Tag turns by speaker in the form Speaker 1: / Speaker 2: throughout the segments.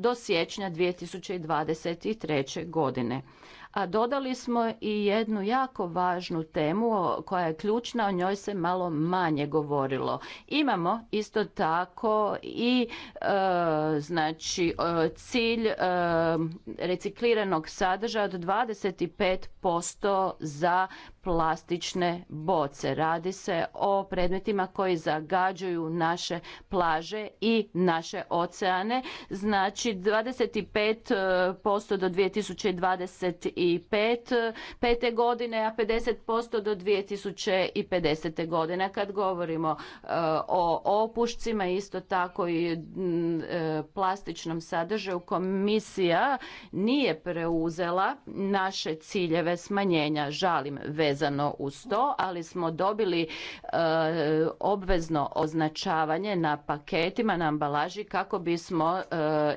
Speaker 1: do siječnja 2023. godine. A dodali smo i jednu jako važnu temu koja je ključna, o njoj se malo manje govorilo. Imamo isto tako i e, znači e, cilj e, recikliranog sadržaja od 25% za plastične boce. Radi se o predmetima koji zagađuju naše plaže i naše oceane. Znači 25% do 2020 pet Pete godine, a 50% do 2050. godine. Kad govorimo e, o opušcima, isto tako i e, plastičnom sadržaju, komisija nije preuzela naše ciljeve smanjenja. Žalim vezano uz to, ali smo dobili e, obvezno označavanje na paketima, na ambalaži kako bismo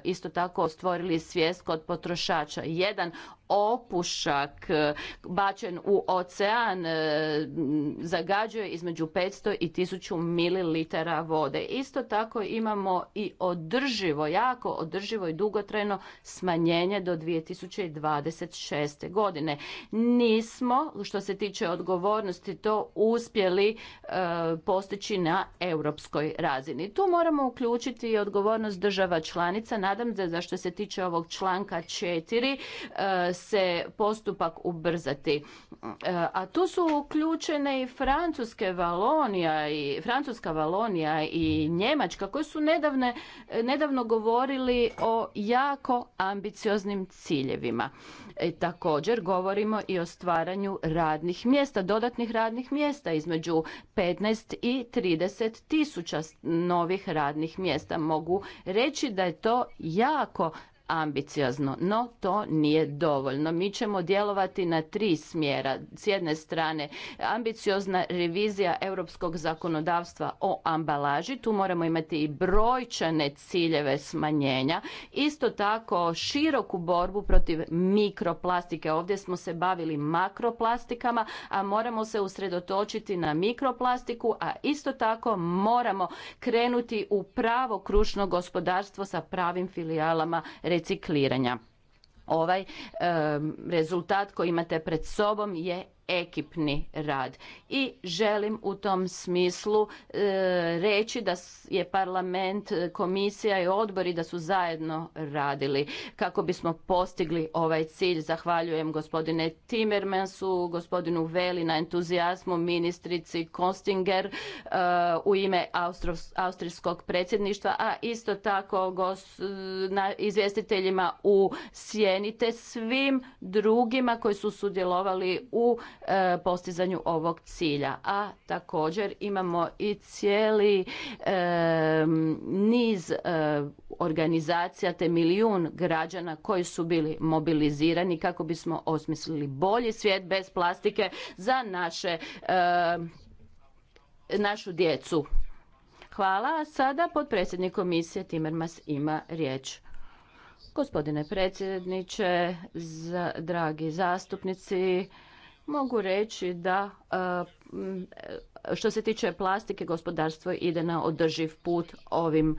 Speaker 1: isto tako stvorili svijest kod potrošača. Jedan opušak e, bačen u ocean e, zagađuje između 500 i 1000 mililitara vode. Isto tako imamo i održivo, jako održivo i dugotrajno smanjenje do 2026. godine. Nismo, što se tiče odgovornosti, to uspjeli e, postići na europskoj razini. Tu moramo uključiti i odgovornost država članica. Nadam se da što se tiče ovog članka 4 se postupak ubrzati. E, a tu su uključene i Francuske Valonija i Francuska Valonija i Njemačka koji su nedavne, nedavno govorili o jako ambicioznim ciljevima. E, također govorimo i o stvaranju radnih mjesta, dodatnih radnih mjesta između 15 i 30 tisuća novih radnih mjesta. Mogu reći da je to jako ambiciozno, no to nije dovoljno. Mi ćemo djelovati na tri smjera. S jedne strane, ambiciozna revizija europskog zakonodavstva o ambalaži, tu moramo imati i brojčane ciljeve smanjenja. Isto tako široku borbu protiv mikroplastike. Ovdje smo se bavili makroplastikama, a moramo se usredotočiti na mikroplastiku, a isto tako moramo krenuti u pravo krušno gospodarstvo sa pravim filijalama cikliranja. Ovaj rezultat koji imate pred sobom je ekipni rad. I želim u tom smislu e, reći da je parlament, e, komisija i odbori da su zajedno radili kako bismo postigli ovaj cilj. Zahvaljujem gospodine Timmermansu, gospodinu Veli na entuzijazmu, ministrici Kostinger e, u ime austrijskog predsjedništva, a isto tako izvjestiteljima u Sjenite, svim drugima koji su sudjelovali u E, postizanju ovog cilja. A također imamo i cijeli e, niz e, organizacija te milijun građana koji su bili mobilizirani kako bismo osmislili bolji svijet bez plastike za naše našu djecu. Hvala. Sada potpredsjednik komisije Timermas ima riječ. Gospodine predsjedniče, dragi zastupnici, mogu reći da e, što se tiče plastike gospodarstvo ide na održiv put ovim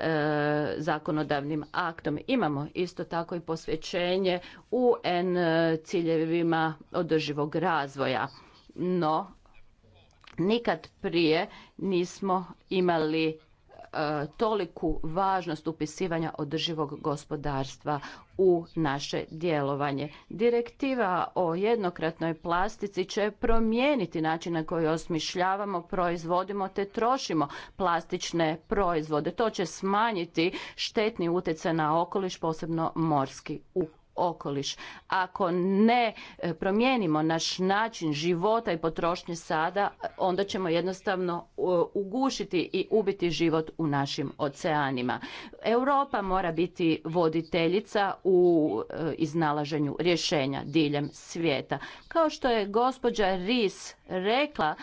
Speaker 1: e, zakonodavnim aktom. Imamo isto tako i posvećenje UN e, ciljevima održivog razvoja, no nikad prije nismo imali E, toliku važnost upisivanja održivog gospodarstva u naše djelovanje. Direktiva o jednokratnoj plastici će promijeniti način na koji osmišljavamo, proizvodimo te trošimo plastične proizvode. To će smanjiti štetni utjecaj na okoliš, posebno morski u okoliš. Ako ne e, promijenimo naš način života i potrošnje sada, onda ćemo jednostavno e, ugušiti i ubiti život u našim oceanima. Europa mora biti voditeljica u e, iznalaženju rješenja diljem svijeta. Kao što je gospođa Ris rekla,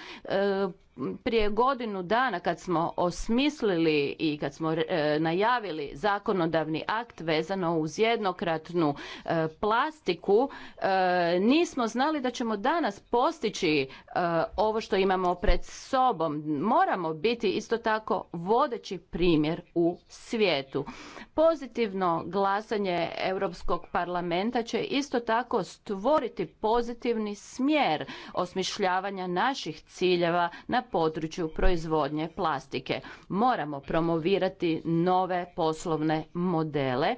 Speaker 1: prije godinu dana kad smo osmislili i kad smo e, najavili zakonodavni akt vezano uz jednokratnu e, plastiku e, nismo znali da ćemo danas postići ovo što imamo pred sobom moramo biti isto tako vodeći primjer u svijetu pozitivno glasanje europskog parlamenta će isto tako stvoriti pozitivni smjer osmišljavanja naših ciljeva na području proizvodnje plastike. Moramo promovirati nove poslovne modele,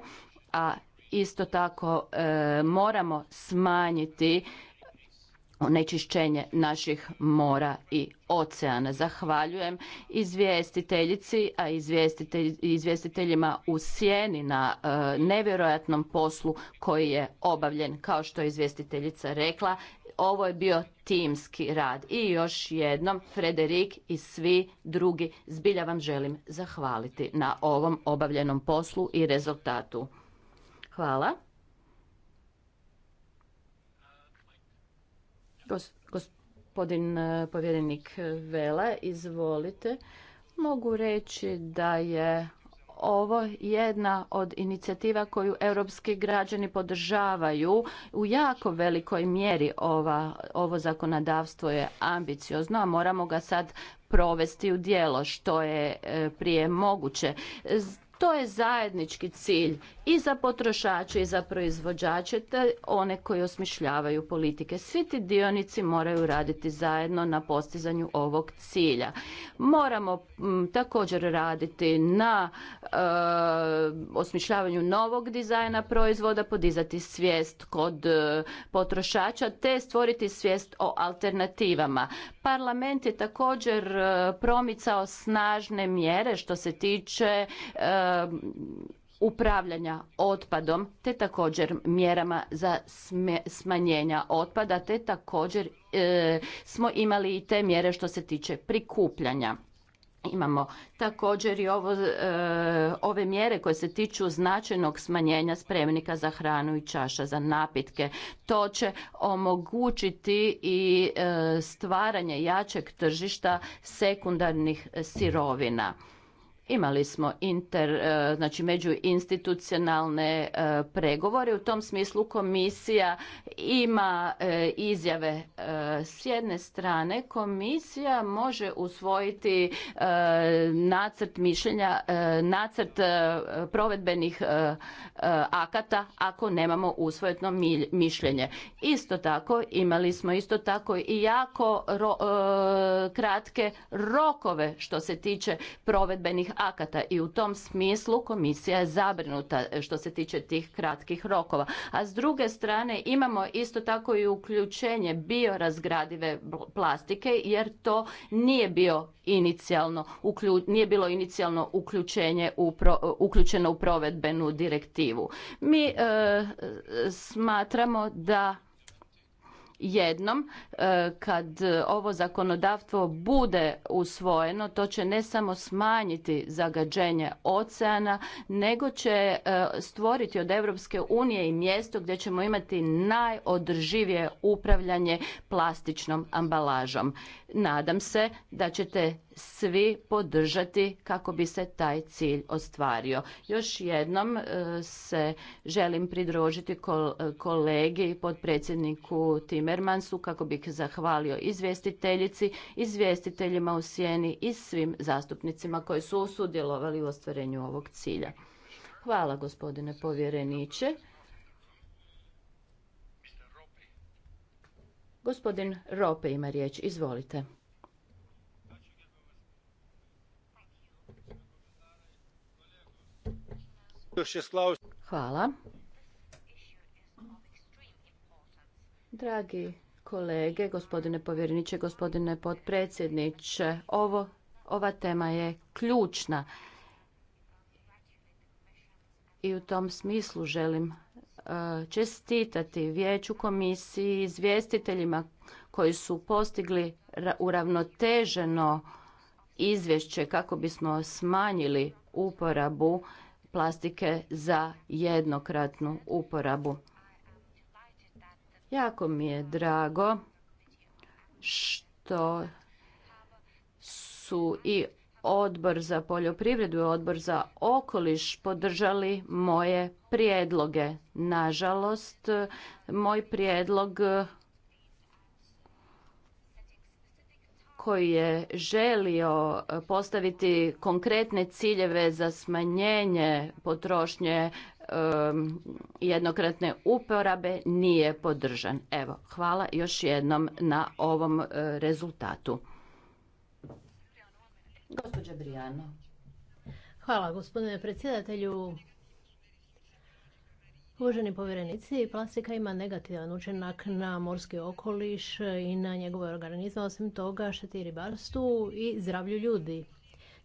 Speaker 1: a isto tako e, moramo smanjiti onečišćenje naših mora i oceana. Zahvaljujem izvjestiteljici, a izvjestitelj, izvjestiteljima u sjeni na e, nevjerojatnom poslu koji je obavljen, kao što je izvjestiteljica rekla, ovo je bio timski rad. I još jednom, Frederik i svi drugi, zbilja vam želim zahvaliti na ovom obavljenom poslu i rezultatu. Hvala. Gospodin e, povjerenik Vela, izvolite. Mogu reći da je ovo jedna od inicijativa koju europski građani podržavaju u jako velikoj mjeri ova, ovo zakonodavstvo je ambiciozno, a moramo ga sad provesti u djelo što je e, prije moguće. To je zajednički cilj i za potrošače i za proizvođače te one koji osmišljavaju politike. Svi ti dionici moraju raditi zajedno na postizanju ovog cilja. Moramo mm, također raditi na eh, osmišljavanju novog dizajna proizvoda, podizati svijest kod eh, potrošača te stvoriti svijest o alternativama. Parlament je također eh, promicao snažne mjere što se tiče Um, upravljanja otpadom te također mjerama za smanjenja otpada te također e, smo imali i te mjere što se tiče prikupljanja imamo također i ovo, e, ove mjere koje se tiču značajnog smanjenja spremnika za hranu i čaša za napitke to će omogućiti i e, stvaranje jačeg tržišta sekundarnih sirovina Imali smo inter, e, znači međuinstitucionalne e, pregovore. U tom smislu komisija ima e, izjave s jedne strane. Komisija može usvojiti nacrt mišljenja, nacrt provedbenih akata ako nemamo usvojetno mišljenje. Isto tako imali smo isto tako i jako kratke rokove što se tiče provedbenih akata i u tom smislu komisija je zabrinuta e, što se tiče tih kratkih rokova. A s druge strane imamo isto tako i uključenje biorazgradive plastike jer to nije bio inicijalno nije bilo inicijalno uključenje u e, uključeno u provedbenu direktivu. Mi e, smatramo da jednom e, kad ovo zakonodavstvo bude usvojeno to će ne samo smanjiti zagađenje oceana nego će e, stvoriti od Europske unije i mjesto gdje ćemo imati najodrživije upravljanje plastičnom ambalažom. Nadam se da ćete svi podržati kako bi se taj cilj ostvario. Još jednom e, se želim pridružiti kolegi i podpredsjedniku Timermansu kako bih zahvalio izvjestiteljici, izvjestiteljima u sjeni i svim zastupnicima koji su sudjelovali u ostvarenju ovog cilja. Hvala gospodine povjereniče. Gospodin Rope ima riječ, izvolite. Hvala. Dragi kolege, gospodine povjereniče, gospodine potpredsjedniče, ova tema je ključna i u tom smislu želim eh, čestitati vijeću komisiji, izvjestiteljima koji su postigli uravnoteženo izvješće kako bismo smanjili uporabu plastike za jednokratnu uporabu. Jako mi je drago što su i odbor za poljoprivredu i odbor za okoliš podržali moje prijedloge. Nažalost, moj prijedlog koji je želio e, postaviti konkretne ciljeve za smanjenje potrošnje e, jednokratne uporabe nije podržan. Evo, hvala još jednom na ovom e, rezultatu.
Speaker 2: Hvala gospodine predsjedatelju. Uvaženi povjerenici, plastika ima negativan učinak na morski okoliš i na njegove organizme, osim toga šteti ribarstvu i zdravlju ljudi.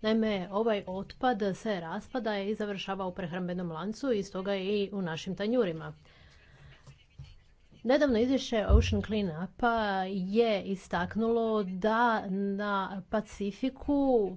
Speaker 2: Naime, ovaj otpad se raspada i završava u prehrambenom lancu i stoga i u našim tanjurima. Nedavno izvješće Ocean Cleanup je istaknulo da na Pacifiku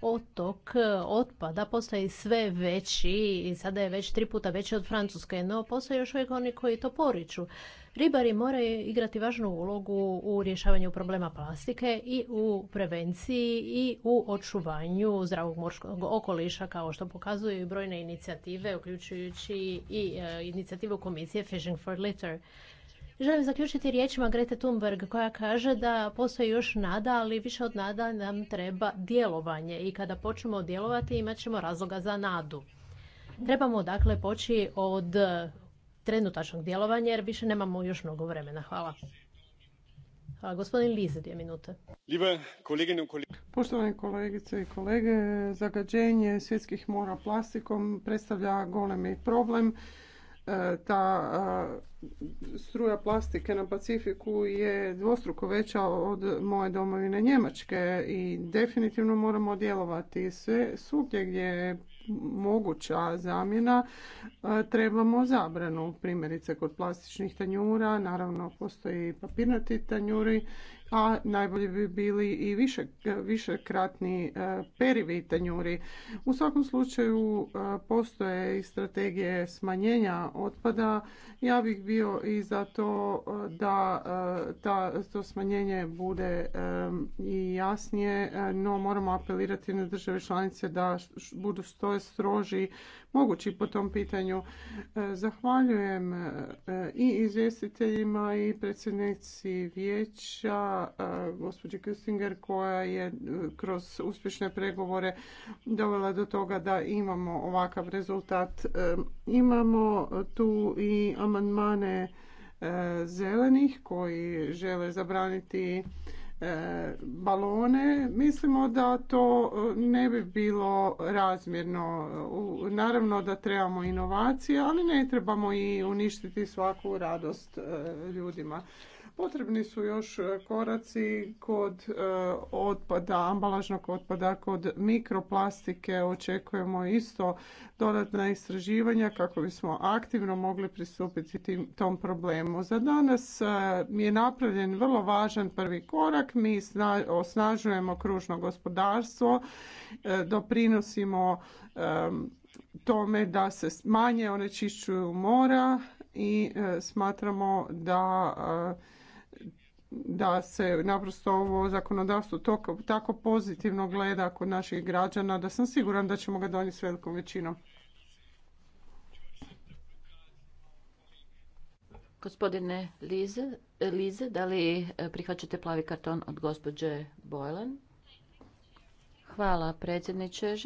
Speaker 2: otok e, otpada postaje sve veći i sada je već tri puta veći od Francuske, no postoje još uvijek oni koji to poriču. Ribari moraju igrati važnu ulogu u rješavanju problema plastike i u prevenciji i u očuvanju zdravog morskog okoliša, kao što pokazuju i brojne inicijative, uključujući i e, inicijativu komisije Fishing for Litter. Želim zaključiti riječima Grete Thunberg koja kaže da postoji još nada, ali više od nada nam treba djelovanje i kada počnemo djelovati imat ćemo razloga za nadu. Trebamo dakle poći od e, trenutačnog djelovanja jer više nemamo još mnogo vremena. Hvala. Hvala. Gospodin Lize, dvije minute. Poštovane kolegice
Speaker 3: i kolege, zagađenje svjetskih mora plastikom predstavlja golemi problem E, ta struja plastike na Pacifiku je dvostruko veća od moje domovine Njemačke i definitivno moramo djelovati sve svugdje gdje je moguća zamjena e, trebamo zabranu primjerice kod plastičnih tanjura naravno postoji papirnati tanjuri a najbolji bi bili i više, višekratni e, perivi tanjuri. U svakom slučaju e, postoje i strategije smanjenja otpada. Ja bih bio i za to e, da ta, to smanjenje bude i jasnije, no moramo apelirati na države članice da budu stoje stroži mogući po tom pitanju. Zahvaljujem i izvjestiteljima i predsjednici vijeća gospođe Kustinger koja je e, kroz uspješne pregovore dovela do toga da imamo ovakav rezultat. E, imamo tu i amandmane e, zelenih koji žele zabraniti balone, mislimo da to ne bi bilo razmjerno. Naravno da trebamo inovacije, ali ne trebamo i uništiti svaku radost ljudima. Potrebni su još e, koraci kod e, otpada, ambalažnog otpada, kod mikroplastike. Očekujemo isto dodatna istraživanja kako bismo aktivno mogli pristupiti tom problemu. Za danas e, je napravljen vrlo važan prvi korak. Mi osnažujemo kružno gospodarstvo, doprinosimo tome da se manje onečišćuju mora i smatramo da da se naprosto ovo zakonodavstvo toko, tako pozitivno gleda kod naših građana da sam siguran da ćemo ga donijeti s velikom većinom.
Speaker 1: Gospodine Lize, Lize, da li e, prihvaćate plavi karton od gospođe Bojlan? Hvala predsjedniče.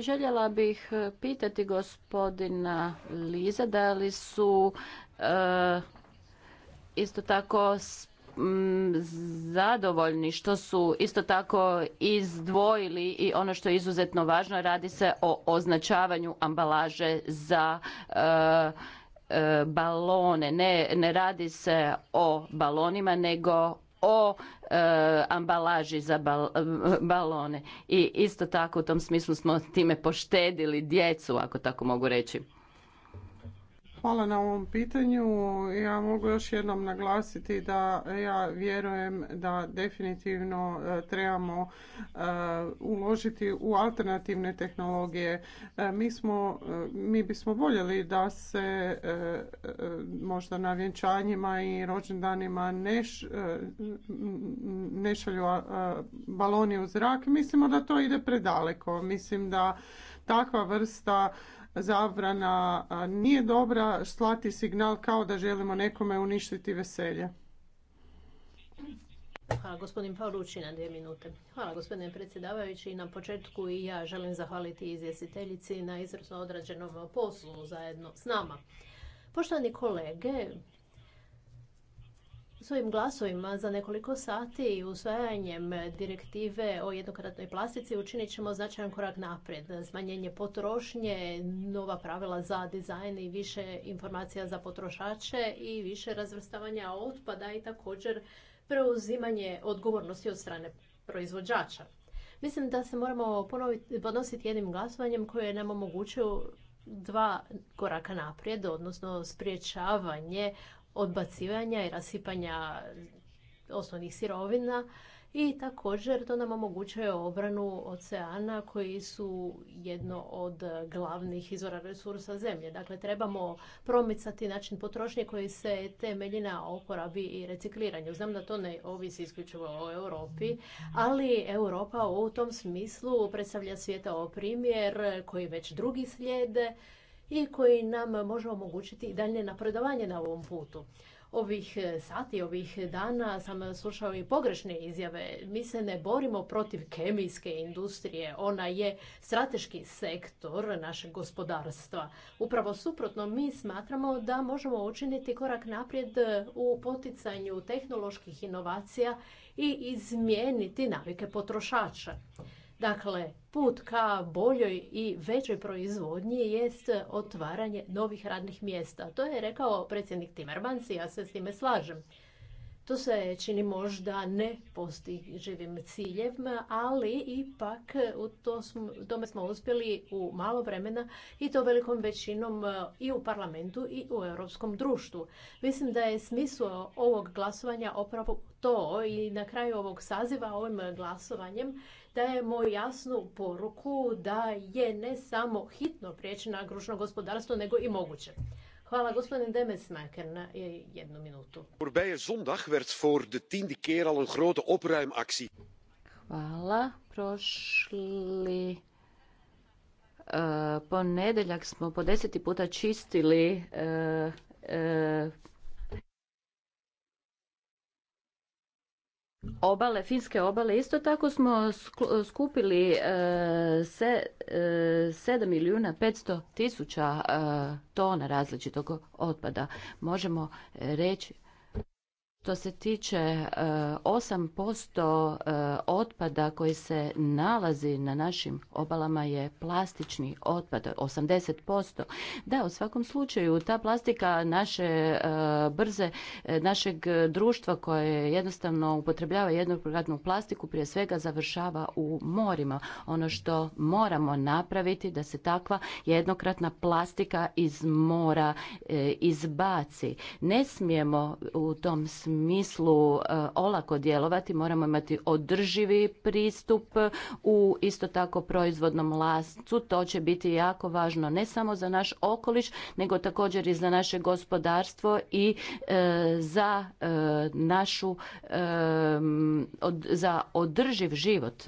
Speaker 1: Željela bih e, pitati gospodina Liza da li su e, isto tako zadovoljni što su isto tako izdvojili i ono što je izuzetno važno, radi se o označavanju ambalaže za e, e, balone. Ne, radi se o balonima nego o e, ambalaži za balone. I isto tako u tom smislu smo time poštedili djecu, ako tako mogu reći.
Speaker 3: Hvala na ovom pitanju. Ja mogu još jednom naglasiti da ja vjerujem da definitivno e, trebamo e, uložiti u alternativne tehnologije. E, mi, smo, mi bismo voljeli da se možda na vjenčanjima i rođendanima ne, ne šalju baloni u zrak. Mislimo da to ide predaleko. Mislim da takva vrsta zabrana nije dobra slati signal kao da želimo nekome uništiti veselje.
Speaker 2: Hvala gospodin Paulući na dvije minute. Hvala gospodine predsjedavajući. Na početku i ja želim zahvaliti izvjestiteljici na izvrsno odrađenom poslu zajedno s nama. Poštovani kolege, svojim glasovima za nekoliko sati i usvajanjem direktive o jednokratnoj plastici učinit ćemo značajan korak naprijed. Smanjenje potrošnje, nova pravila za dizajn i više informacija za potrošače i više razvrstavanja otpada i također preuzimanje odgovornosti od strane proizvođača. Mislim da se moramo ponoviti, podnositi jednim glasovanjem koje nam omogućuje dva koraka naprijed, odnosno spriječavanje odbacivanja i rasipanja osnovnih sirovina i također to nam omogućuje obranu oceana koji su jedno od glavnih izvora resursa zemlje. Dakle, trebamo promicati način potrošnje koji se temelji na oporabi i recikliranju. Znam da to ne ovisi isključivo o Europi, ali Europa u tom smislu predstavlja svijeta o primjer koji već drugi slijede i koji nam može omogućiti daljnje napredovanje na ovom putu. Ovih e, sati, ovih dana sam slušao i pogrešne izjave. Mi se ne borimo protiv kemijske industrije. Ona je strateški sektor našeg gospodarstva. Upravo suprotno, mi smatramo da možemo učiniti korak naprijed u poticanju tehnoloških inovacija i izmijeniti navike potrošača. Dakle, put ka boljoj i većoj proizvodnji jest otvaranje novih radnih mjesta. To je rekao predsjednik Timmermans i ja se s time slažem. To se čini možda ne postiživim ciljem, ali ipak u smo, tome smo uspjeli u malo vremena i to velikom većinom e, i u parlamentu i u europskom društvu. Mislim da je smisao ovog glasovanja upravo to i na kraju ovog saziva ovim glasovanjem dajemo jasnu poruku da je ne samo hitno prijeći na gružno gospodarstvo, nego i moguće. Hvala gospodine Demesmaker na jednu minutu. zondag werd voor
Speaker 3: de
Speaker 1: Hvala. Prošli eh, ponedjeljak ponedeljak smo po deseti puta čistili eh, eh, obale, finske obale, isto tako smo skupili e, se, 7 e, milijuna 500 tisuća e, tona različitog otpada. Možemo reći što se tiče 8% e, e, otpada koji se nalazi na našim obalama je plastični otpad, 80%. Da, u svakom slučaju ta plastika naše e, brze, našeg društva koje jednostavno upotrebljava jednokratnu plastiku prije svega završava u morima. Ono što moramo napraviti da se takva jednokratna plastika iz mora izbaci. Ne smijemo u tom smislu smislu eh, olako djelovati, moramo imati održivi pristup u isto tako proizvodnom lascu. To će biti jako važno ne samo za naš okoliš, nego također i za naše gospodarstvo i eh, za eh, našu za održiv život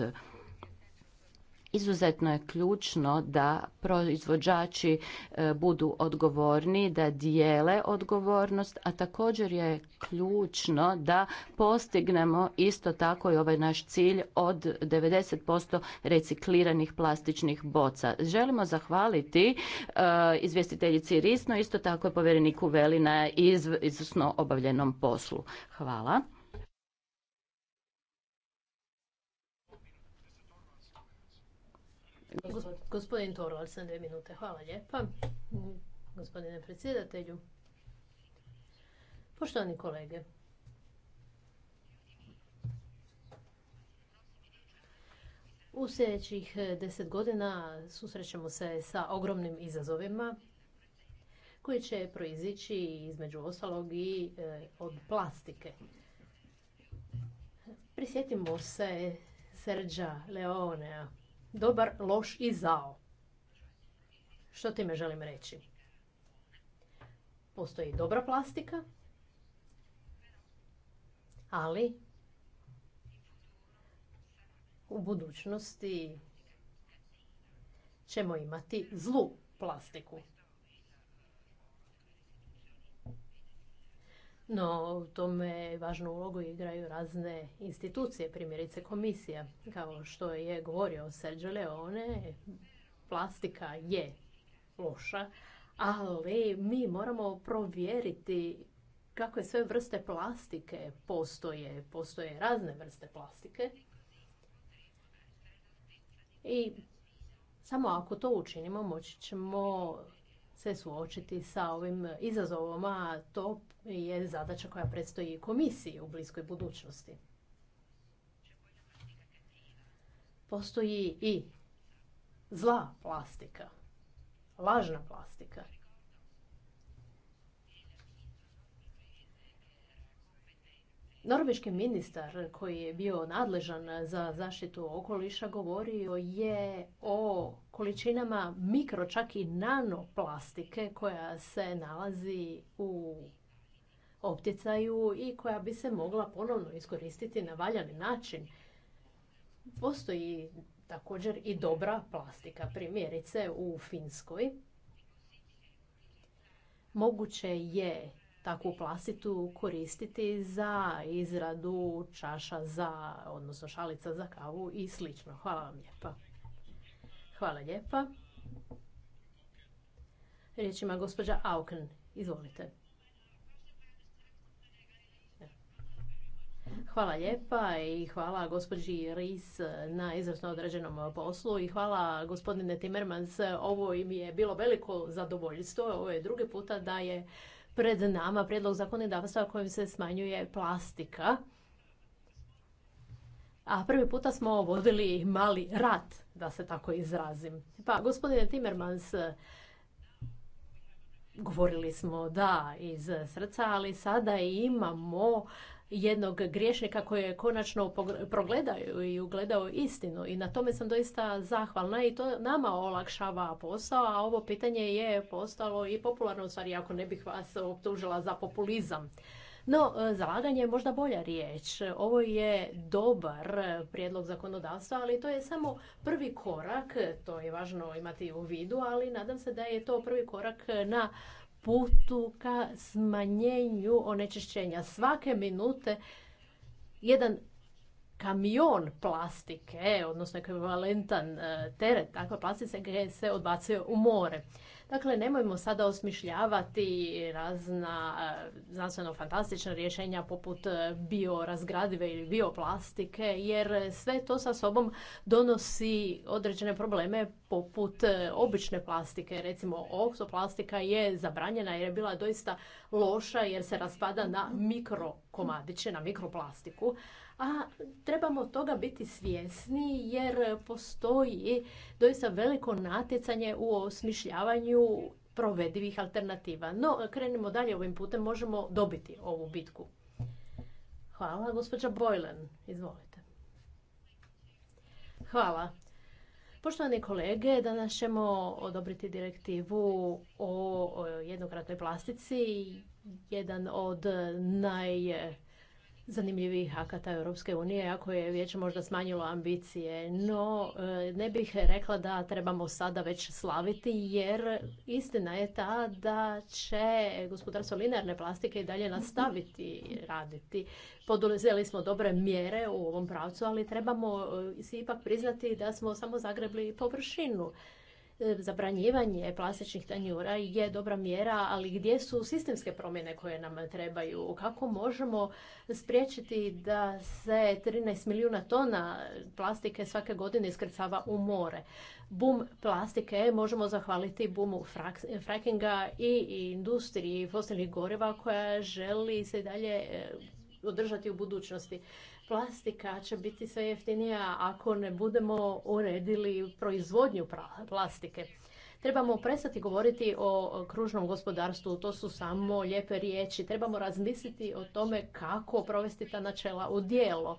Speaker 1: Izuzetno je ključno da proizvođači e, budu odgovorni, da dijele odgovornost, a također je ključno da postignemo isto tako i ovaj naš cilj od 90% recikliranih plastičnih boca. Želimo zahvaliti e, izvjestiteljici Risno, isto tako i povjereniku velina na izvrsno obavljenom poslu. Hvala.
Speaker 2: Gospodin sam dvije minute. Hvala lijepa. Gospodine predsjedatelju. Poštovani kolege. U sljedećih deset godina susrećemo se sa ogromnim izazovima koji će proizići između ostalog i e, od plastike. Prisjetimo se Serđa Leonea, dobar, loš i zao. Što time želim reći? Postoji dobra plastika, ali u budućnosti ćemo imati zlu plastiku. No, u tome važnu ulogu igraju razne institucije, primjerice komisija. Kao što je govorio Sergio Leone, plastika je loša, ali mi moramo provjeriti kakve sve vrste plastike postoje. Postoje razne vrste plastike. I samo ako to učinimo, moći ćemo se suočiti sa ovim izazovom, a to je zadaća koja predstoji komisiji u bliskoj budućnosti. Postoji i zla plastika, lažna plastika. Norveški ministar koji je bio nadležan za zaštitu okoliša govorio je o količinama mikro, čak i nanoplastike koja se nalazi u opticaju i koja bi se mogla ponovno iskoristiti na valjani način. Postoji također i dobra plastika, primjerice u Finskoj. Moguće je takvu plastitu koristiti za izradu čaša za, odnosno šalica za kavu i slično. Hvala vam lijepa. Hvala lijepa. Riječ ima gospođa Auken. Izvolite. Hvala lijepa i hvala gospođi Ris na izvrsno određenom poslu i hvala gospodine Timmermans. Ovo im je bilo veliko zadovoljstvo. Ovo je drugi puta da je pred nama prijedlog zakonodavstva kojim se smanjuje plastika. A prvi puta smo vodili mali rat, da se tako izrazim. Pa, gospodine Timmermans, govorili smo da iz srca, ali sada imamo jednog griješnika koji je konačno progledao i ugledao istinu. I na tome sam doista zahvalna i to nama olakšava posao, a ovo pitanje je postalo i popularno, u stvari ako ne bih vas optužila za populizam. No, e, zalaganje je možda bolja riječ. Ovo je dobar prijedlog zakonodavstva, ali to je samo prvi korak, to je važno imati u vidu, ali nadam se da je to prvi korak na putu ka smanjenju onečišćenja. Svake minute jedan kamion plastike, odnosno ekvivalentan e, teret takve plastike se odbacuje u more. Dakle, nemojmo sada osmišljavati razna e, znanstveno-fantastična rješenja poput e, biorazgradive ili bioplastike, jer sve to sa sobom donosi određene probleme poput e, obične plastike. Recimo, oksoplastika je zabranjena jer je bila doista loša jer se raspada na mikrokomadiće, na mikroplastiku a trebamo toga biti svjesni jer postoji doista veliko natjecanje u osmišljavanju provedivih alternativa. No, krenimo dalje ovim putem, možemo dobiti ovu bitku. Hvala, gospođa Bojlen, izvolite. Hvala. Poštovani kolege, danas ćemo odobriti direktivu o jednokratnoj plastici, jedan od naj zanimljivih akata Europske unije, ako je vijeće možda smanjilo ambicije. No, e, ne bih rekla da trebamo sada već slaviti, jer istina je ta da će gospodarstvo linearne plastike i dalje nastaviti raditi. Poduzeli smo dobre mjere u ovom pravcu, ali trebamo e, si ipak priznati da smo samo zagrebli površinu. E, zabranjivanje plastičnih tanjura je dobra mjera, ali gdje su sistemske promjene koje nam trebaju? Kako možemo spriječiti da se 13 milijuna tona plastike svake godine iskrcava u more? Bum plastike možemo zahvaliti bumu frackinga i industriji fosilnih goriva koja želi se dalje e, održati u budućnosti plastika će biti sve jeftinija ako ne budemo uredili proizvodnju plastike. Trebamo prestati govoriti o kružnom gospodarstvu, to su samo lijepe riječi. Trebamo razmisliti o tome kako provesti ta načela u dijelo.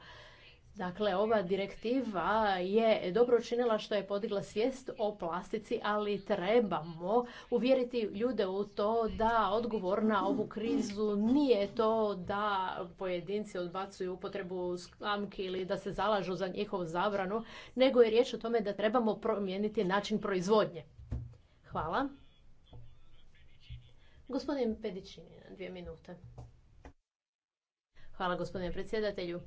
Speaker 2: Dakle, ova direktiva je dobro učinila što je podigla svijest o plastici, ali trebamo uvjeriti ljude u to da odgovor na ovu krizu nije to da pojedinci odbacuju upotrebu sklamki ili da se zalažu za njihovu zabranu, nego je riječ o tome da trebamo promijeniti način proizvodnje. Hvala. Gospodin Pedićini, dvije minute. Hvala gospodine predsjedatelju.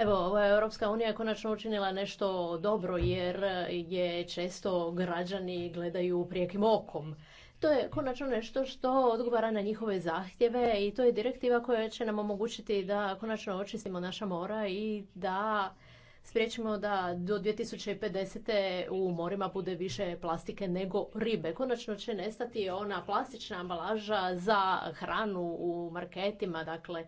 Speaker 2: Evo, Europska unija je konačno učinila nešto dobro jer je često građani gledaju prijekim okom. To je konačno nešto što odgovara na njihove zahtjeve i to je direktiva koja će nam omogućiti da konačno očistimo naša mora i da spriječimo da do 2050. u morima bude više plastike nego ribe. Konačno će nestati ona plastična ambalaža za hranu u marketima, dakle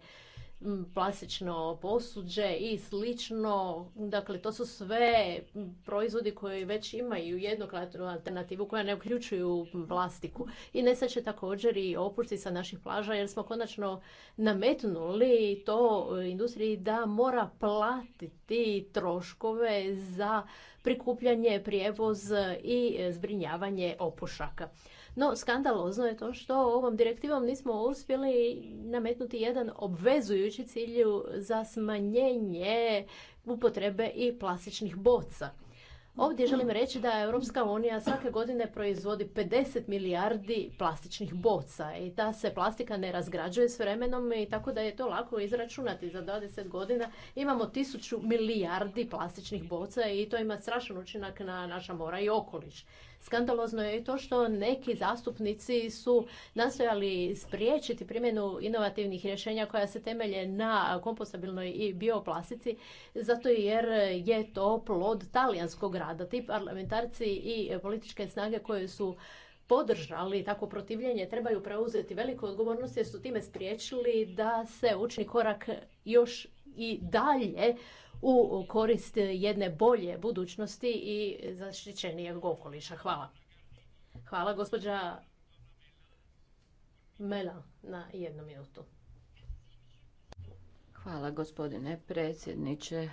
Speaker 2: plastično posuđe i slično. Dakle, to su sve proizvodi koji već imaju jednokratnu alternativu koja ne uključuju plastiku. I će također i opušti sa naših plaža jer smo konačno nametnuli to industriji da mora platiti troškove za prikupljanje, prijevoz i zbrinjavanje opušaka. No, skandalozno je to što ovom direktivom nismo uspjeli nametnuti jedan obvezujući cilju za smanjenje upotrebe i plastičnih boca. Ovdje želim reći da Europska unija svake godine proizvodi 50 milijardi plastičnih boca i ta se plastika ne razgrađuje s vremenom i tako da je to lako izračunati. Za 20 godina imamo tisuću milijardi plastičnih boca i to ima strašan učinak na naša mora i okoliš. Skandalozno je i to što neki zastupnici su nastojali spriječiti primjenu inovativnih rješenja koja se temelje na kompostabilnoj i bioplastici, zato jer je to plod talijanskog rada. Ti parlamentarci i političke snage koje su podržali tako protivljenje trebaju preuzeti veliku odgovornost jer su time spriječili da se učini korak još i dalje u korist jedne bolje budućnosti i zaštićenijeg okoliša. Hvala. Hvala gospođa Mela na jednu minutu.
Speaker 1: Hvala gospodine predsjedniče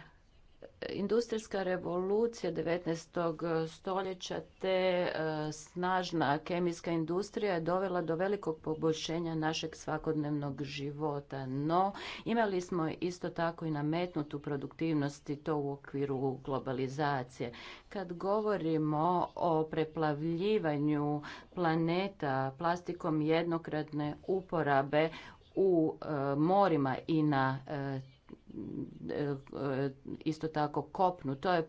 Speaker 1: industrijska revolucija 19. stoljeća te e, snažna kemijska industrija je dovela do velikog poboljšenja našeg svakodnevnog života. No, imali smo isto tako i nametnutu produktivnosti to u okviru globalizacije. Kad govorimo o preplavljivanju planeta plastikom jednokratne uporabe u e, morima i na e, isto tako kopnu. To je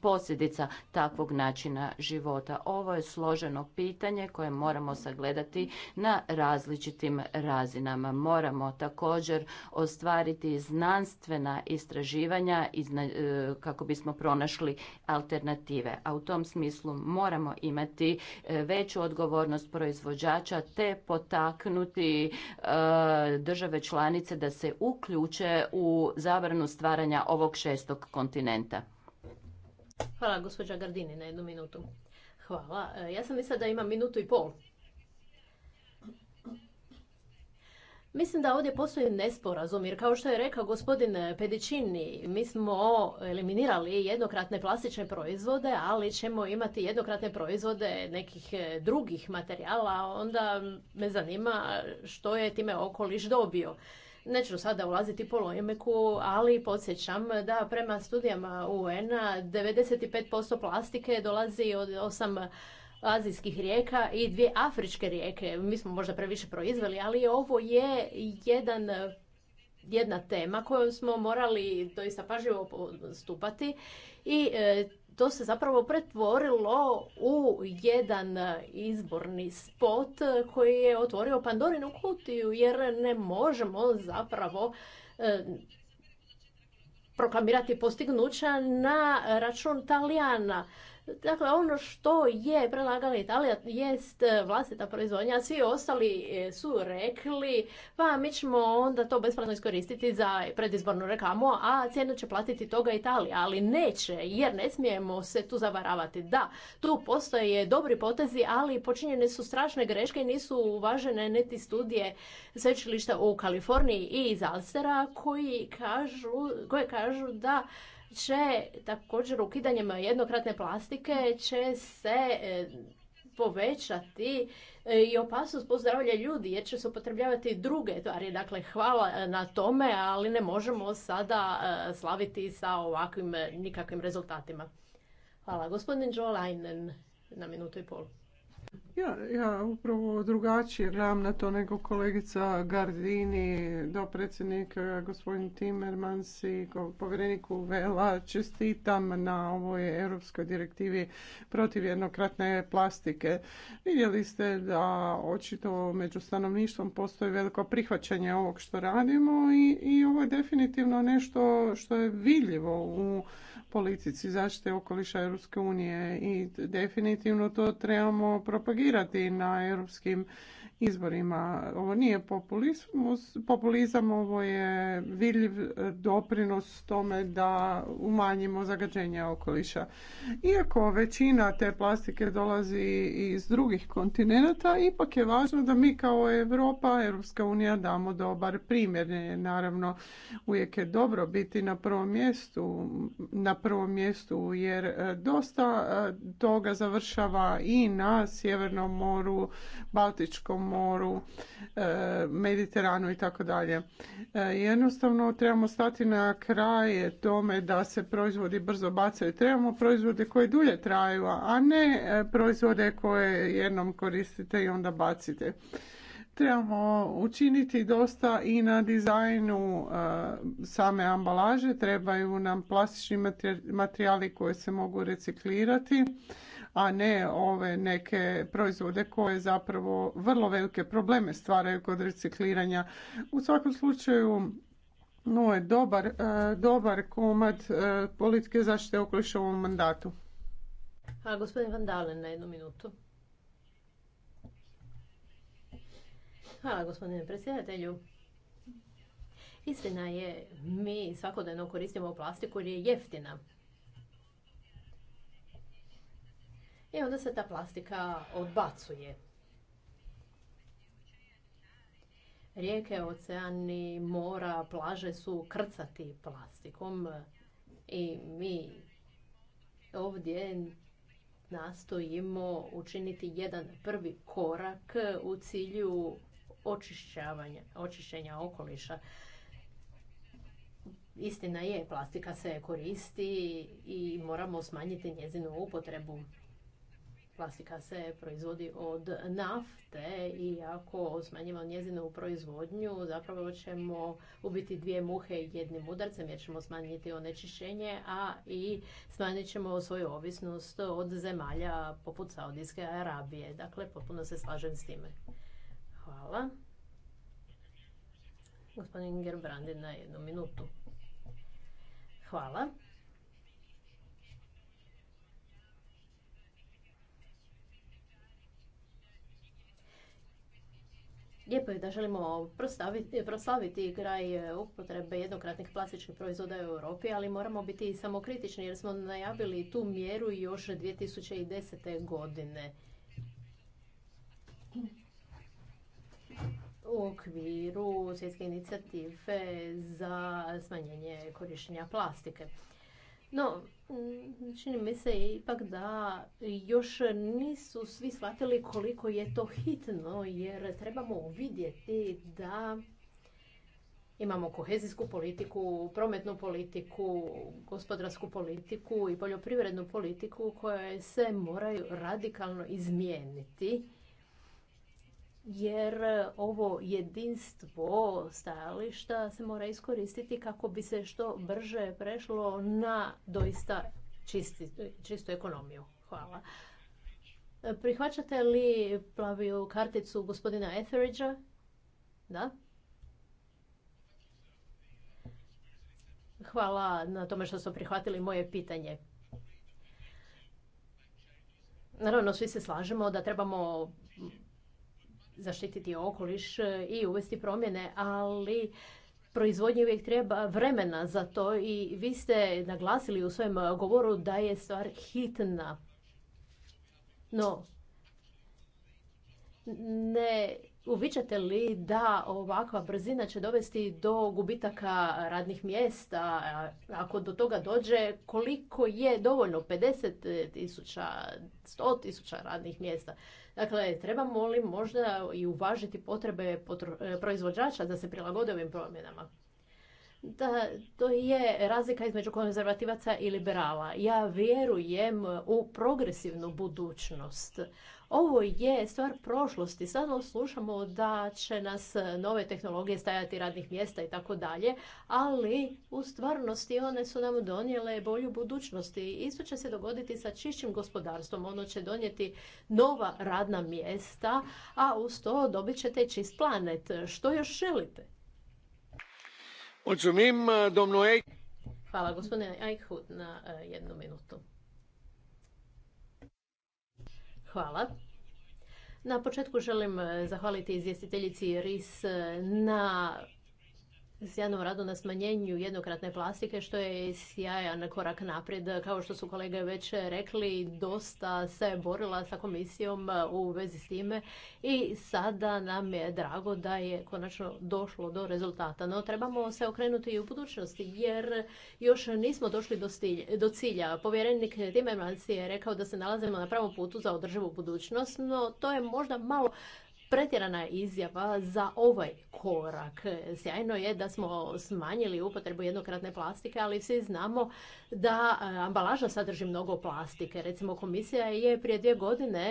Speaker 1: posljedica takvog načina života. Ovo je složeno pitanje koje moramo sagledati na različitim razinama. Moramo također ostvariti znanstvena istraživanja e, kako bismo pronašli alternative. A u tom smislu moramo imati e, veću odgovornost proizvođača te potaknuti e, države članice da se uključe u zabranu stvaranja ovog šestog kontinenta.
Speaker 2: Hvala, gospođa Gardini, na jednu minutu. Hvala. E, ja sam mislila da imam minutu i pol. Mislim da ovdje postoji nesporazum, jer kao što je rekao gospodin Pedicini, mi smo eliminirali jednokratne plastične proizvode, ali ćemo imati jednokratne proizvode nekih e, drugih materijala, onda me zanima što je time okoliš dobio. Neću sada ulaziti polemiku, ali podsjećam da prema studijama UN-a 95% plastike dolazi od osam azijskih rijeka i dvije afričke rijeke. Mi smo možda previše proizveli, ali ovo je jedan jedna tema kojom smo morali doista pažljivo postupati i e, to se zapravo pretvorilo u jedan izborni spot koji je otvorio Pandorinu kutiju jer ne možemo zapravo e, proklamirati postignuća na račun Talijana. Dakle, ono što je predlagala Italija jest e, vlastita proizvodnja, svi ostali e, su rekli pa mi ćemo onda to besplatno iskoristiti za predizbornu reklamu, a cijenu će platiti toga Italija, ali neće, jer ne smijemo se tu zavaravati. Da, tu postoje dobri potezi, ali počinjene su strašne greške i nisu uvažene niti studije sveučilišta u Kaliforniji i iz Alstera koji koje kažu da će također ukidanjem jednokratne plastike će se e, povećati e, i opasnost po zdravlje ljudi jer će se upotrebljavati druge tvari. Dakle, hvala na tome, ali ne možemo sada e, slaviti sa ovakvim nikakvim rezultatima. Hvala. Gospodin Joe Leinen na minutu i pol.
Speaker 3: Ja, ja upravo drugačije gledam na to nego kolegica Gardini, do predsjednika e, gospodin Timmermans i povjereniku Vela. Čestitam na ovoj europskoj direktivi protiv jednokratne plastike. Vidjeli ste da očito među stanovništvom postoji veliko prihvaćanje ovog što radimo i, i ovo je definitivno nešto što je vidljivo u politici zaštite okoliša Europske unije i definitivno to trebamo propagirati na europskim izborima. Ovo nije populizam, ovo je vidljiv doprinos tome da umanjimo zagađenje okoliša. Iako većina te plastike dolazi iz drugih kontinenata, ipak je važno da mi kao Europa, Europska unija damo dobar primjer. Naravno, uvijek je dobro biti na prvom mjestu, na prvom mjestu jer e, dosta e, toga završava i na Sjevernom moru, Baltičkom moru, e, Mediteranu i tako dalje. E, jednostavno trebamo stati na kraj tome da se proizvodi brzo bacaju. Trebamo proizvode koje dulje traju, a ne e, proizvode koje jednom koristite i onda bacite trebamo učiniti dosta i na dizajnu same ambalaže. Trebaju nam plastični materijali koji se mogu reciklirati a ne ove neke proizvode koje zapravo vrlo velike probleme stvaraju kod recikliranja. U svakom slučaju no je dobar, e, dobar komad e, politike zaštite okoliša u ovom mandatu.
Speaker 2: A gospodin Van na jednu minutu. Hvala gospodine predsjedatelju. Istina je, mi svakodnevno koristimo plastiku jer je jeftina. i onda se ta plastika odbacuje. Rijeke, oceani, mora, plaže su krcati plastikom i mi ovdje nastojimo učiniti jedan prvi korak u cilju očišćenja okoliša. Istina je, plastika se koristi i moramo smanjiti njezinu upotrebu. Plastika se proizvodi od nafte i ako smanjimo njezinu proizvodnju, zapravo ćemo ubiti dvije muhe jednim udarcem jer ćemo smanjiti onečišćenje, a i smanjit ćemo svoju ovisnost od zemalja poput Saudijske Arabije. Dakle, potpuno se slažem s time. Hvala. Gospodin Gerbrandi na jednu minutu. Hvala. Lijepo je da želimo proslaviti kraj e, upotrebe jednokratnih plastičnih proizvoda u Europi, ali moramo biti samokritični jer smo najavili tu mjeru još 2010. godine. U okviru svjetske inicijative za smanjenje korištenja plastike. No, mm, čini mi se ipak da još nisu svi shvatili koliko je to hitno, jer trebamo vidjeti da imamo kohezijsku politiku, prometnu politiku, gospodarsku politiku i poljoprivrednu politiku koje se moraju radikalno izmijeniti jer e, ovo jedinstvo stajališta se mora iskoristiti kako bi se što brže prešlo na doista čisti, čistu ekonomiju. Hvala. E, prihvaćate li plaviju karticu gospodina Etheridgea? Da? Hvala na tome što ste prihvatili moje pitanje. Naravno, svi se slažemo da trebamo zaštititi okoliš e, i uvesti promjene, ali proizvodnji uvijek treba vremena za to i vi ste naglasili u svojem govoru da je stvar hitna. No, ne Uvičate li da ovakva brzina će dovesti do gubitaka radnih mjesta? Ako do toga dođe, koliko je dovoljno? 50.000, tisuća, radnih mjesta. Dakle, trebamo li možda i uvažiti potrebe e, proizvođača da se prilagode ovim promjenama? Da, to je razlika između konzervativaca i liberala. Ja vjerujem u progresivnu budućnost. Ovo je stvar prošlosti. Sada slušamo da će nas nove tehnologije stajati radnih mjesta i tako dalje, ali u stvarnosti one su nam donijele bolju budućnost i isto će se dogoditi sa čišćim gospodarstvom. Ono će donijeti nova radna mjesta, a uz to dobit ćete čist planet. Što još želite? Hvala gospodine Eichhut na e, jednu minutu. Hvala. Na početku želim eh, zahvaliti izvjestiteljici RIS eh, na sjajnom radu na smanjenju jednokratne plastike, što je sjajan korak naprijed. Kao što su kolege već rekli, dosta se borila sa komisijom e, u vezi s time i sada nam je drago da je konačno došlo do rezultata. No, trebamo se okrenuti i u budućnosti, jer još nismo došli do, cilja. Povjerenik Timmermans je rekao da se nalazimo na pravom putu za održivu budućnost, no to je možda malo pretjerana izjava za ovaj korak. Sjajno je da smo smanjili upotrebu jednokratne plastike, ali svi znamo da eh, ambalaža sadrži mnogo plastike. Recimo komisija je prije dvije godine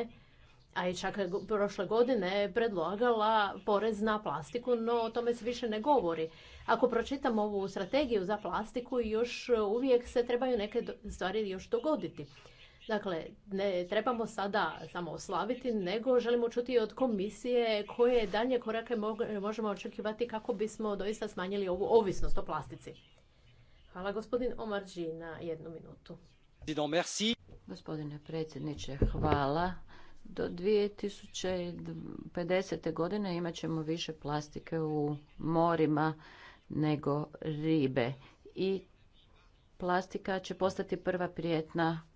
Speaker 2: a i čak prošle godine predlagala porez na plastiku, no o tome se više ne govori. Ako pročitamo ovu strategiju za plastiku, još uvijek se trebaju neke stvari još dogoditi. Dakle, ne trebamo sada samo oslaviti, nego želimo čuti od komisije koje dalje korake možemo očekivati kako bismo doista smanjili ovu ovisnost o plastici. Hvala gospodin Omarđi na jednu minutu.
Speaker 1: Gospodine predsjedniče, hvala. Do 2050. godine imat ćemo više plastike u morima nego ribe. I plastika će postati prva prijetna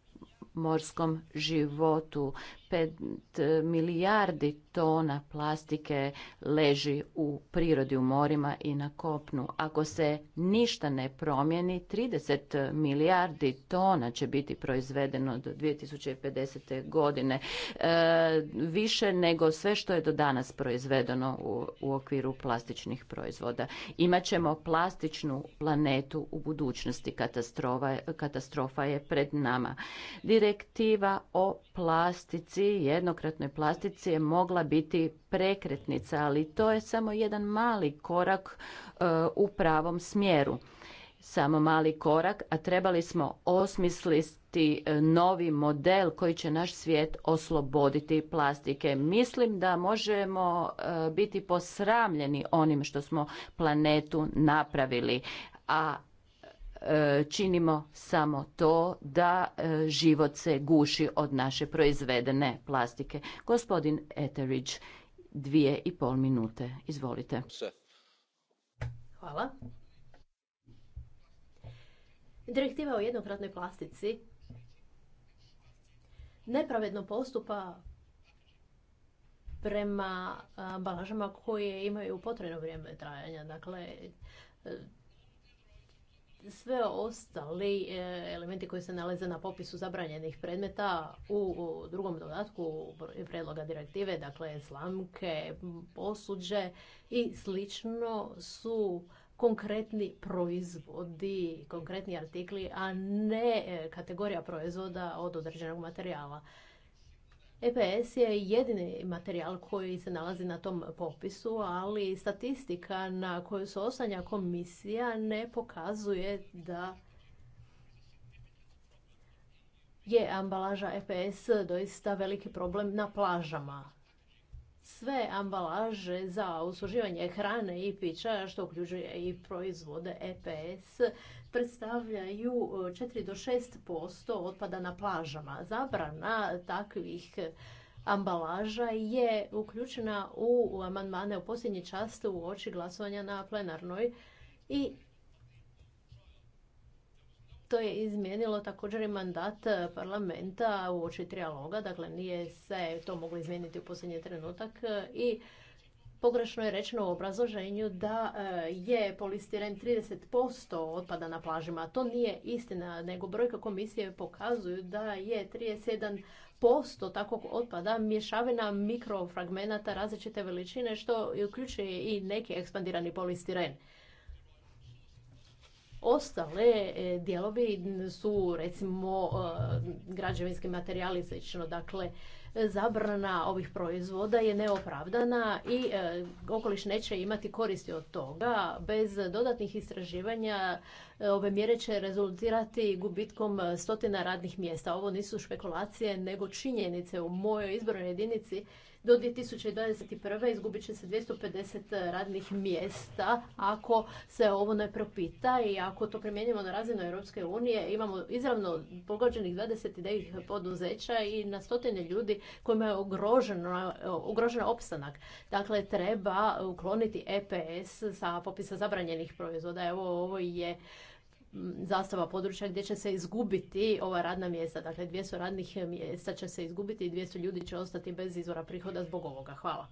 Speaker 1: morskom životu. 5 milijardi tona plastike leži u prirodi, u morima i na kopnu. Ako se ništa ne promijeni, 30 milijardi tona će biti proizvedeno do 2050. godine. E, više nego sve što je do danas proizvedeno u, okviru plastičnih proizvoda. Imaćemo plastičnu planetu u budućnosti. Katastrofa, katastrofa je pred nama. Direktiva o plastici, jednokratnoj plastici je mogla biti prekretnica, ali to je samo jedan mali korak e, u pravom smjeru. Samo mali korak, a trebali smo osmisliti e, novi model koji će naš svijet osloboditi plastike. Mislim da možemo e, biti posramljeni onim što smo planetu napravili, a E, činimo samo to da e, život se guši od naše proizvedene plastike. Gospodin Eterić, dvije i pol minute. Izvolite.
Speaker 2: Hvala. Direktiva o jednokratnoj plastici nepravedno postupa prema balažama koje imaju potrebno vrijeme trajanja. Dakle, sve ostali e, elementi koji se nalaze na popisu zabranjenih predmeta u drugom dodatku predloga direktive, dakle slamke, posuđe i slično su konkretni proizvodi, konkretni artikli, a ne e, kategorija proizvoda od određenog materijala. EPS je jedini materijal koji se nalazi na tom popisu, ali statistika na koju se osanja komisija ne pokazuje da je ambalaža EPS doista veliki problem na plažama sve ambalaže za usluživanje hrane i pića, što uključuje i proizvode EPS, predstavljaju 4 e, do 6% otpada na plažama. Zabrana takvih ambalaža je uključena u amandmane u posljednji čast u oči glasovanja na plenarnoj i to je izmijenilo također i mandat e, parlamenta u oči trijaloga, dakle nije se to moglo izmijeniti u posljednji trenutak e, i pogrešno je rečeno u obrazloženju da e, je polistiren 30% otpada na plažima. To nije istina, nego brojka komisije pokazuju da je 31% takvog otpada mješavina mikrofragmenata različite veličine, što uključuje i neki ekspandirani polistiren. Ostale e, dijelovi su recimo e, građevinski materijali slično. Dakle, zabrana ovih proizvoda je neopravdana i e, okoliš neće imati koristi od toga. Bez dodatnih istraživanja ove mjere će rezultirati gubitkom stotina radnih mjesta. Ovo nisu špekulacije nego činjenice u mojoj izbornoj jedinici do 2021. izgubit će se 250 eh, radnih mjesta ako se ovo ne propita i ako to primjenjujemo na razinu Europske unije. Imamo izravno pogođenih 29 poduzeća i na stotine ljudi kojima je ugroženo, eh, ugrožen opstanak. Dakle, treba ukloniti EPS sa popisa zabranjenih proizvoda. Evo, ovo je zastava područja gdje će se izgubiti ova radna mjesta. Dakle, 200 radnih mjesta će se izgubiti i 200 ljudi će ostati bez izvora prihoda zbog ovoga. Hvala.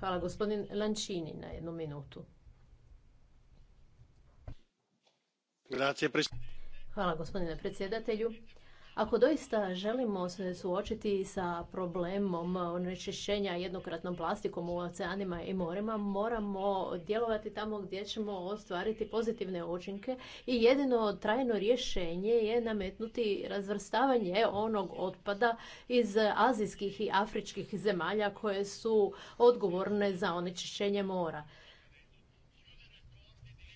Speaker 2: Hvala gospodin Lančini na jednu minutu. Hvala gospodine predsjedatelju. Ako doista želimo se suočiti sa problemom onečišćenja jednokratnom plastikom u oceanima i morima, moramo djelovati tamo gdje ćemo ostvariti pozitivne učinke i jedino trajno rješenje je nametnuti razvrstavanje onog otpada iz azijskih i afričkih zemalja koje su odgovorne za onečišćenje mora.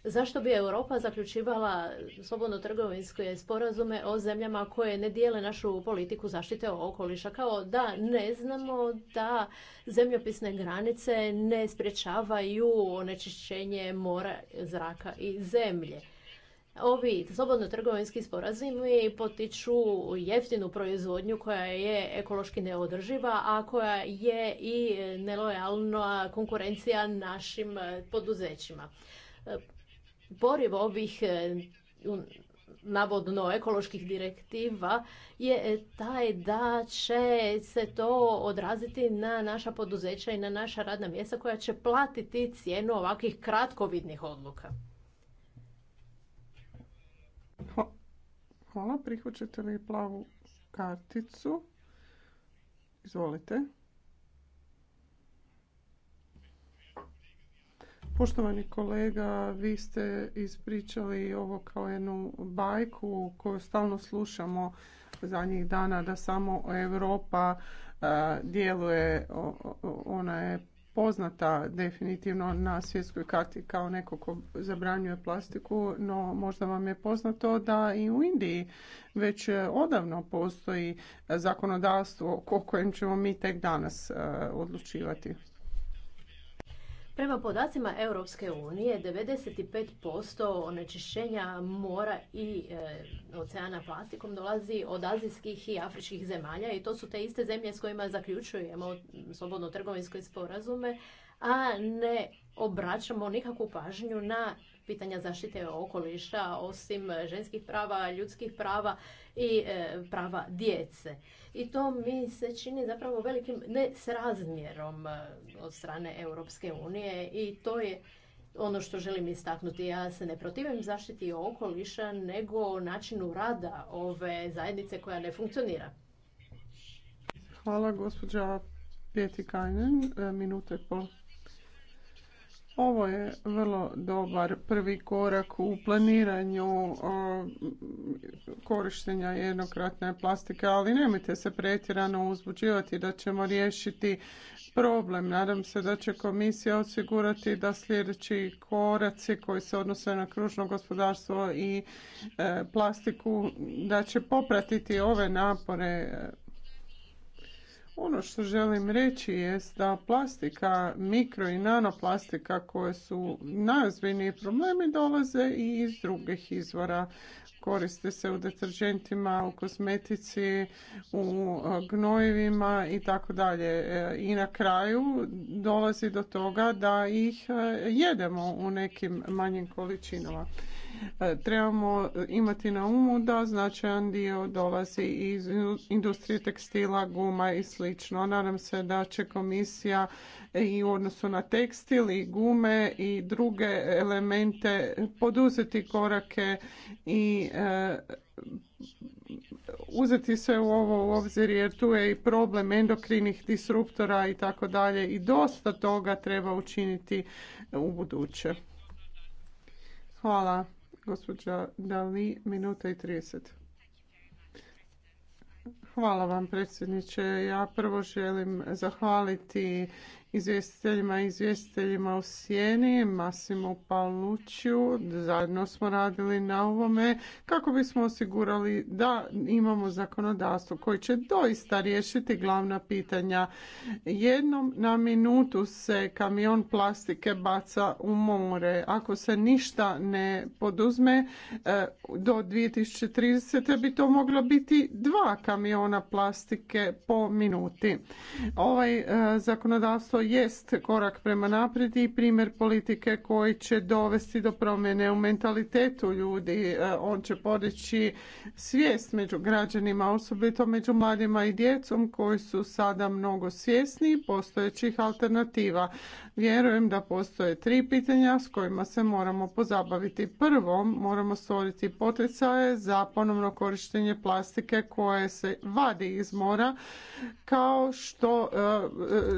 Speaker 2: Zašto bi Europa zaključivala slobodno trgovinske sporazume o zemljama koje ne dijele našu politiku zaštite okoliša? Kao da ne znamo da zemljopisne granice ne sprječavaju onečišćenje mora, zraka i zemlje. Ovi slobodno trgovinski sporazumi potiču jeftinu proizvodnju koja je ekološki neodrživa, a koja je i nelojalna konkurencija našim poduzećima poriv ovih e, navodno ekoloških direktiva je e, taj da će se to odraziti na naša poduzeća i na naša radna mjesta koja će platiti cijenu ovakvih kratkovidnih odluka.
Speaker 3: Hvala, prihvaćate li plavu karticu? Izvolite. Poštovani kolega, vi ste ispričali ovo kao jednu bajku koju stalno slušamo zadnjih dana da samo Europa e, djeluje, ona je poznata definitivno na svjetskoj karti kao neko ko zabranjuje plastiku, no možda vam je poznato da i u Indiji već odavno postoji zakonodavstvo o kojem ćemo mi tek danas e, odlučivati.
Speaker 2: Prema podacima Europske unije, 95% onečišćenja mora i e, oceana plastikom dolazi od azijskih i afričkih zemalja i to su te iste zemlje s kojima zaključujemo slobodno trgovinske sporazume, a ne obraćamo nikakvu pažnju na pitanja zaštite okoliša, osim ženskih prava, ljudskih prava i e, prava djece. I to mi se čini zapravo velikim nesrazmjerom e, od strane Europske unije i to je ono što želim istaknuti. Ja se ne protivim zaštiti okoliša, nego načinu rada ove zajednice koja ne funkcionira.
Speaker 3: Hvala gospođa Pjeti Kajnen, e, ovo je vrlo dobar prvi korak u planiranju korištenja jednokratne plastike, ali nemojte se pretjerano uzbuđivati da ćemo riješiti problem. Nadam se da će komisija osigurati da sljedeći koraci koji se odnose na kružno gospodarstvo i e, plastiku, da će popratiti ove napore ono što želim reći jest da plastika, mikro i nanoplastika koje su najozbiljniji problemi dolaze i iz drugih izvora. Koriste se u deterđentima, u kozmetici, u e, gnojivima i tako dalje. E, I na kraju dolazi do toga da ih e, jedemo u nekim manjim količinama. E, trebamo imati na umu da značajan dio dolazi iz industrije tekstila, guma i sl. Nadam se da će komisija i u odnosu na tekstil i gume i druge elemente poduzeti korake i e, uzeti sve u ovo u obzir jer tu je i problem endokrinih disruptora i tako dalje i dosta toga treba učiniti u buduće. Hvala. Gospođa Dali, minuta i 30. Hvala vam predsjedniče. Ja prvo želim zahvaliti izvjestiteljima i izvjestiteljima u sjeni, Masimu Paluću. Zajedno smo radili na ovome kako bismo osigurali da imamo zakonodavstvo koji će doista riješiti glavna pitanja. Jednom na minutu se kamion plastike baca u more. Ako se ništa ne poduzme e, do 2030. bi to moglo biti dva kamiona plastike po minuti. Ovaj e, zakonodavstvo jest korak prema naprijed i primjer politike koji će dovesti do promjene u mentalitetu ljudi. E, on će podići svijest među građanima, osobito među mladima i djecom koji su sada mnogo svjesni postojećih alternativa. Vjerujem da postoje tri pitanja s kojima se moramo pozabaviti. Prvo, moramo stvoriti poticaje za ponovno korištenje plastike koje se vadi iz mora kao što e,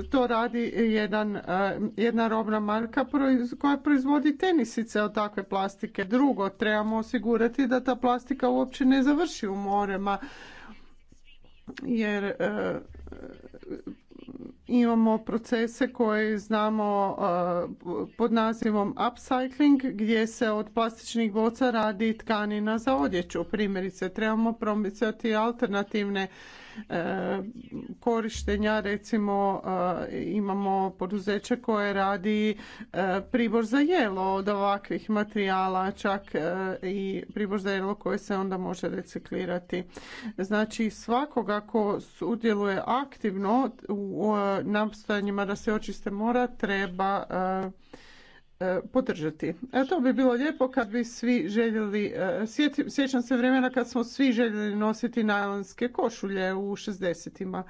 Speaker 3: e, to radi jedan, e, jedna robna marka koja proizvodi tenisice od takve plastike. Drugo, trebamo osigurati da ta plastika uopće ne završi u morema jer e, imamo procese koje znamo e, pod nazivom upcycling gdje se od plastičnih boca radi tkanina za odjeću. Primjerice trebamo promicati alternativne E, korištenja. Recimo e, imamo poduzeće koje radi e, pribor za jelo od ovakvih materijala, čak i pribor za jelo koje se onda može reciklirati. Znači svakoga ko sudjeluje aktivno u nastojanjima da se očiste mora treba E, podržati. E, to bi bilo lijepo kad bi svi željeli, e, sjećam se vremena kad smo svi željeli nositi najlonske košulje u 60-ima.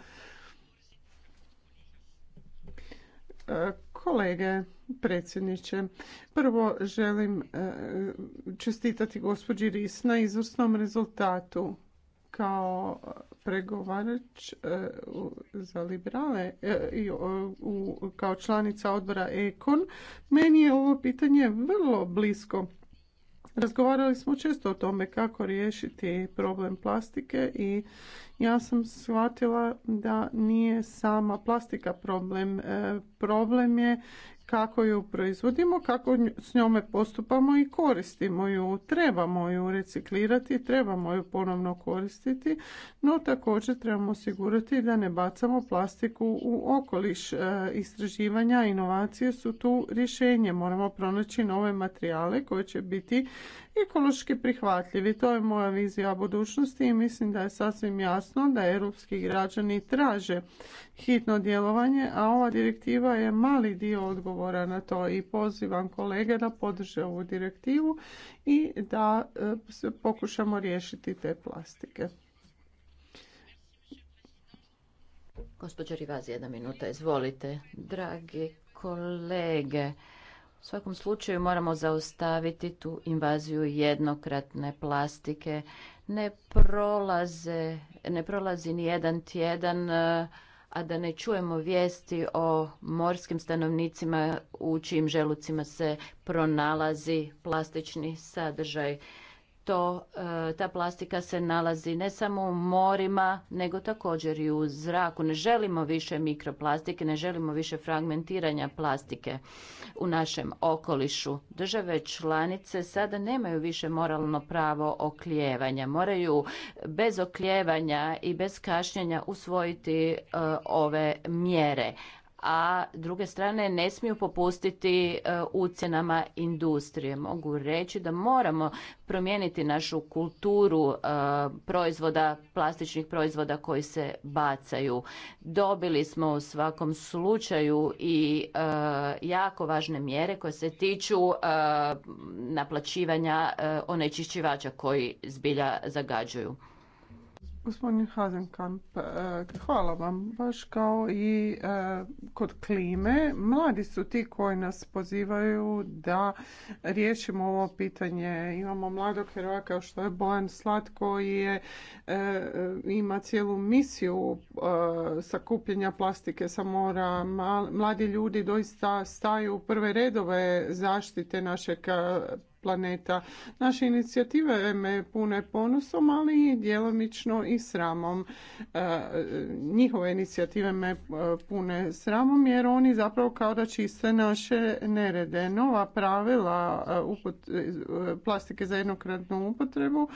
Speaker 3: E, kolege, predsjedniče, prvo želim čestitati gospođi Ris na izvrsnom rezultatu kao pregovarač e, za liberale e, kao članica odbora Ekon, meni je ovo pitanje vrlo blisko. Razgovarali smo često o tome kako riješiti problem plastike i ja sam shvatila da nije sama plastika problem. E, problem je kako ju proizvodimo, kako s njome postupamo i koristimo ju. Trebamo ju reciklirati, trebamo ju ponovno koristiti, no također trebamo osigurati da ne bacamo plastiku u okoliš. E, istraživanja, inovacije su tu rješenje. Moramo pronaći nove materijale koje će biti ekološki prihvatljivi. To je moja vizija budućnosti i mislim da je sasvim jasno da europski građani traže hitno djelovanje, a ova direktiva je mali dio odgovora na to i pozivam kolege da podrže ovu direktivu i da se pokušamo riješiti te plastike.
Speaker 1: Gospođo Rivazi, jedna minuta, izvolite. Dragi kolege, u svakom slučaju moramo zaustaviti tu invaziju jednokratne plastike. Ne, prolaze, ne prolazi ni jedan tjedan, a da ne čujemo vijesti o morskim stanovnicima u čijim želucima se pronalazi plastični sadržaj to, e, ta plastika se nalazi ne samo u morima, nego također i u zraku. Ne želimo više mikroplastike, ne želimo više fragmentiranja plastike u našem okolišu. Države članice sada nemaju više moralno pravo oklijevanja. Moraju bez oklijevanja i bez kašnjenja usvojiti e, ove mjere a druge strane ne smiju popustiti e, ucjenama industrije. Mogu reći da moramo promijeniti našu kulturu e, proizvoda, plastičnih proizvoda koji se bacaju. Dobili smo u svakom slučaju i e, jako važne mjere koje se tiču naplaćivanja onečišćivača koji zbilja zagađuju.
Speaker 3: Gospodin Hazenkamp, e, hvala vam. Baš kao i e, kod klime, mladi su ti koji nas pozivaju da riješimo ovo pitanje. Imamo mladog heroja kao što je Bojan Slat koji je, e, ima cijelu misiju sakupljenja plastike sa mora. Mladi ljudi doista staju u prve redove zaštite našeg planeta. Naše inicijative me pune ponosom, ali i djelomično i sramom. E, njihove inicijative me e, pune sramom jer oni zapravo kao da čiste naše nerede. Nova pravila e, plastike za jednokratnu upotrebu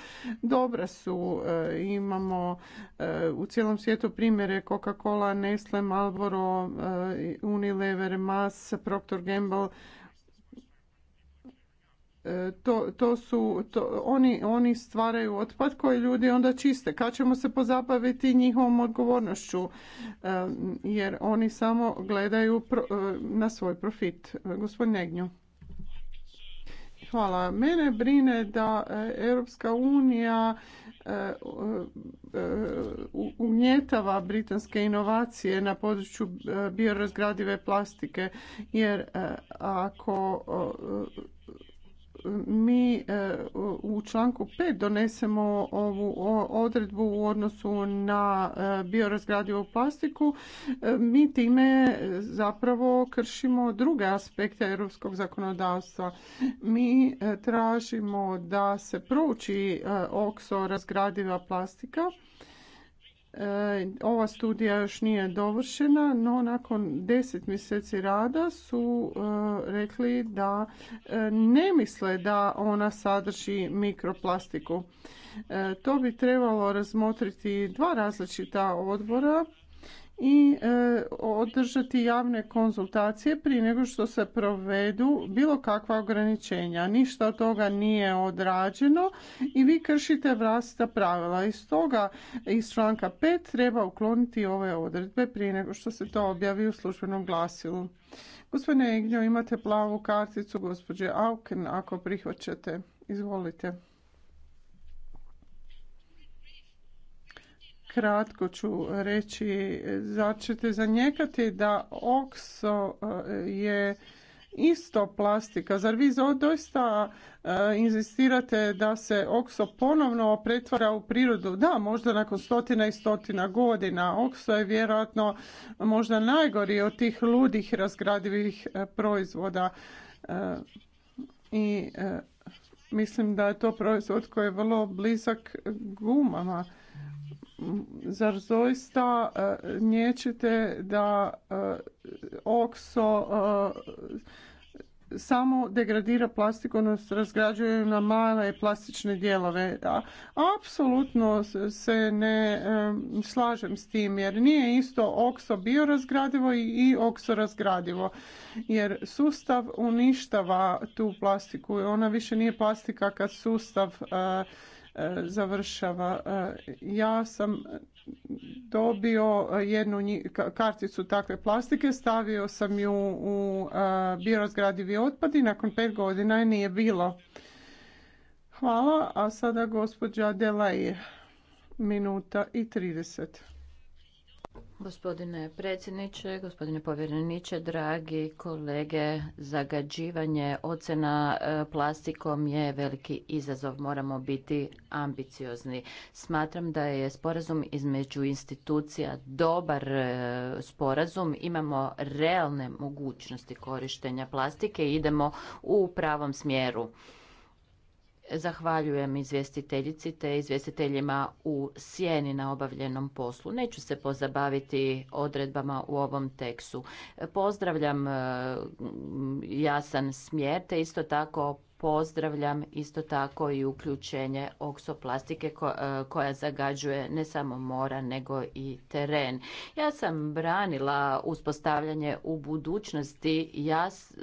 Speaker 3: dobra su. Imamo u cijelom svijetu primjere Coca-Cola, Nestle, Marlboro, Unilever, Mas, Procter Gamble, to, to su, to, oni, oni stvaraju otpad koji ljudi onda čiste. Kad ćemo se pozabaviti njihovom odgovornošću? E, jer oni samo gledaju e, na svoj profit. E, gospodin Negnju. Hvala. Mene brine da Europska unija ugnjetava britanske inovacije na području biorazgradive plastike jer ako mi eh, u članku 5 donesemo ovu odredbu u odnosu na eh, biorazgradivu plastiku, eh, mi time zapravo kršimo druge aspekte europskog zakonodavstva. Mi tražimo da se prouči okso razgradiva plastika E, ova studija još nije dovršena, no nakon deset mjeseci rada su e, rekli da e, ne misle da ona sadrži mikroplastiku. To bi trebalo razmotriti dva različita odbora i e, održati javne konzultacije prije nego što se provedu bilo kakva ograničenja. Ništa od toga nije odrađeno i vi kršite vlastita pravila. I stoga iz članka 5 treba ukloniti ove odredbe prije nego što se to objavi u službenom glasilu. Gospodine Egnjo, imate plavu karticu gospođe Auken ako prihvaćate. Izvolite. kratko ću reći, zar ćete zanijekati da okso e, je isto plastika? Zar vi doista e, inzistirate da se okso ponovno pretvara u prirodu? Da, možda nakon stotina i stotina godina. Okso je vjerojatno možda najgori od tih ludih razgradivih e, proizvoda. I mislim da je to proizvod koji je vrlo blizak gumama zar doista e, nećete da e, okso e, samo degradira plastiku, odnosno razgrađuje na male plastične dijelove. Apsolutno se ne slažem s tim jer nije isto okso biorazgradivo i okso razgradivo. Jer sustav uništava tu plastiku ona više nije plastika kad sustav završava. E, ja sam dobio jednu karticu takve plastike, stavio sam ju u e, biorazgradivi otpad i nakon pet godina je nije bilo. Hvala, a sada gospođa Delaje, minuta i 30.
Speaker 1: Gospodine predsjedniče, gospodine povjereniče, dragi kolege, zagađivanje ocena e, plastikom je veliki izazov. Moramo biti ambiciozni. Smatram da je sporazum između institucija dobar e, sporazum. Imamo realne mogućnosti korištenja plastike i idemo u pravom smjeru. Zahvaljujem izvjestiteljici te izvjestiteljima u sjeni na obavljenom poslu. Neću se pozabaviti odredbama u ovom tekstu. Pozdravljam e, jasan smjer te isto tako pozdravljam isto tako i uključenje oksoplastike e, koja zagađuje ne samo mora nego i teren. Ja sam branila uspostavljanje u budućnosti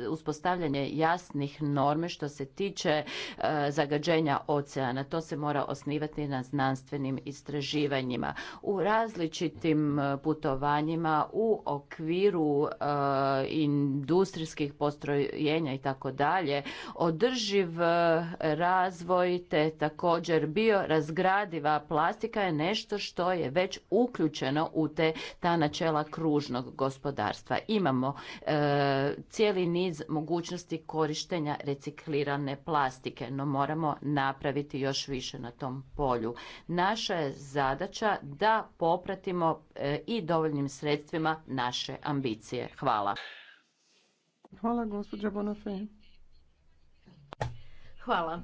Speaker 1: uspostavljanje jasnih norme što se tiče e, zagađenja oceana. To se mora osnivati na znanstvenim istraživanjima. U različitim e, putovanjima u okviru industrijskih postrojenja i tako dalje održ održiv e, razvoj te također biorazgradiva plastika je nešto što je već uključeno u te ta načela kružnog gospodarstva. Imamo e, cijeli niz mogućnosti korištenja reciklirane plastike, no moramo napraviti još više na tom polju. Naša je zadaća da popratimo e, i dovoljnim sredstvima naše ambicije. Hvala.
Speaker 3: Hvala gospođa
Speaker 2: Hvala.